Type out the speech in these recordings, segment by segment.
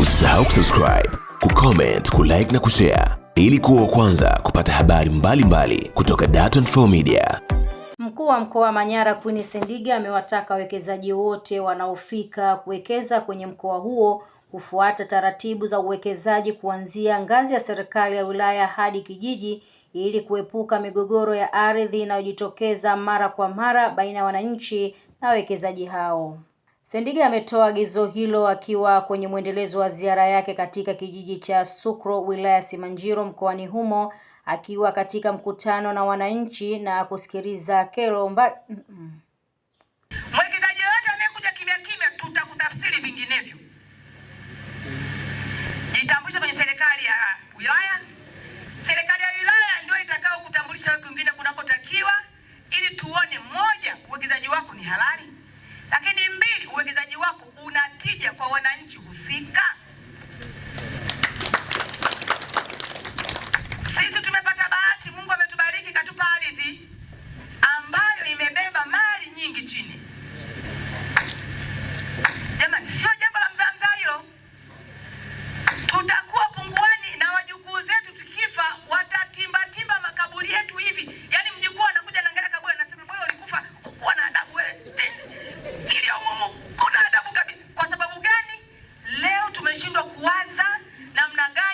Usisahau kusubscribe, kucomment, kulike na kushare ili kuwa kwanza kupata habari mbalimbali mbali kutoka Dar24 Media. Mkuu wa mkoa wa Manyara Queen Sendiga amewataka wawekezaji wote wanaofika kuwekeza kwenye mkoa huo kufuata taratibu za uwekezaji kuanzia ngazi ya serikali ya wilaya hadi kijiji ili kuepuka migogoro ya ardhi inayojitokeza mara kwa mara baina ya wananchi na wawekezaji hao. Sendiga ametoa agizo hilo akiwa kwenye mwendelezo wa ziara yake katika kijiji cha Sukro wilaya Simanjiro mkoani humo akiwa katika mkutano na wananchi na kusikiliza kero mba... mwekezaji yoyote anayekuja kimya kimya tutakutafsiri vinginevyo. Jitambulisha kwenye serikali ya wilaya. Serikali ya wilaya ndio itakao kutambulisha wewe kwingine kunakotakiwa, ili tuone moja, uwekezaji wako ni halali tija kwa wananchi husika?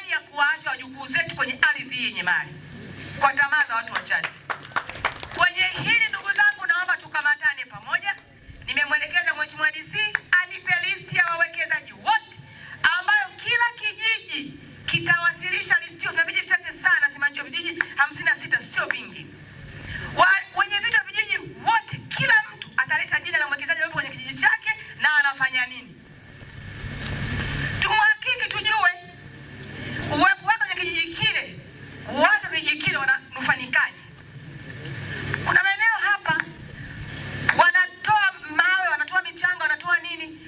hali ya kuwaacha wajukuu zetu kwenye ardhi yenye mali kwa tamaa za watu wachache. Kwenye hili ndugu zangu, naomba tukamatane pamoja. Nimemwelekeza Mheshimiwa DC anipe listi ya wawekezaji wote ambayo kila kijiji kitawasilisha listi hiyo. Tuna vijiji vichache sana, si vijiji hamsini na sita, sio vingi.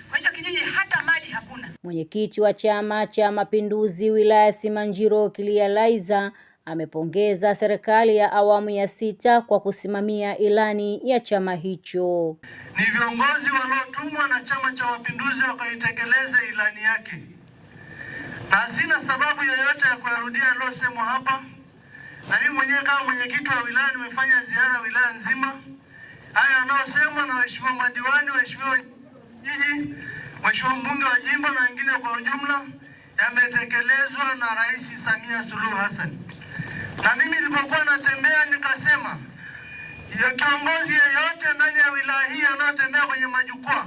kwa hicho kijiji hata maji hakuna. Mwenyekiti wa Chama cha Mapinduzi wilaya Simanjiro Kilia Laiza amepongeza serikali ya awamu ya sita kwa kusimamia ilani ya chama hicho. Ni viongozi wanaotumwa na Chama cha Mapinduzi wakaitekeleza ilani yake, na sina sababu yoyote ya kuyarudia yaliyosemwa hapa, na mimi mwenyewe kama mwenyekiti wa wilaya nimefanya ziara wilaya nzima. Haya yanayosemwa na waheshimiwa madiwani, waheshimiwa kijiji, mheshimiwa mbunge wa jimbo na wengine kwa ujumla, yametekelezwa na Rais Samia Suluhu Hassan. Na mimi nilipokuwa natembea nikasema ya kiongozi yeyote ndani ya wilaya hii anayotembea kwenye majukwaa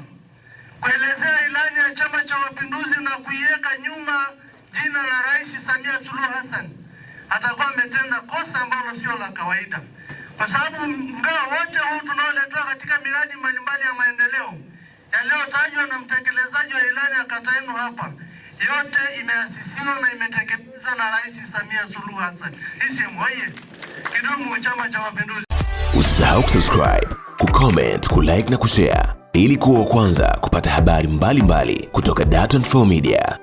kuelezea ilani ya Chama cha Mapinduzi na kuiweka nyuma jina la Rais Samia Suluhu Hassan atakuwa ametenda kosa ambalo sio la kawaida, kwa sababu mgao wote huu tunaoletewa katika miradi mbalimbali ya maendeleo yaliyotajwa na mtekelezaji wa ilani ya kata yenu hapa yote imeasisiwa na imetekelezwa na Rais Samia Suluhu Hassan. Isimu oye! Kidumu Chama cha Mapinduzi! Usisahau kusubscribe, kucomment, kulike na kushare ili kuwa wa kwanza kupata habari mbalimbali mbali kutoka Dar24 Media.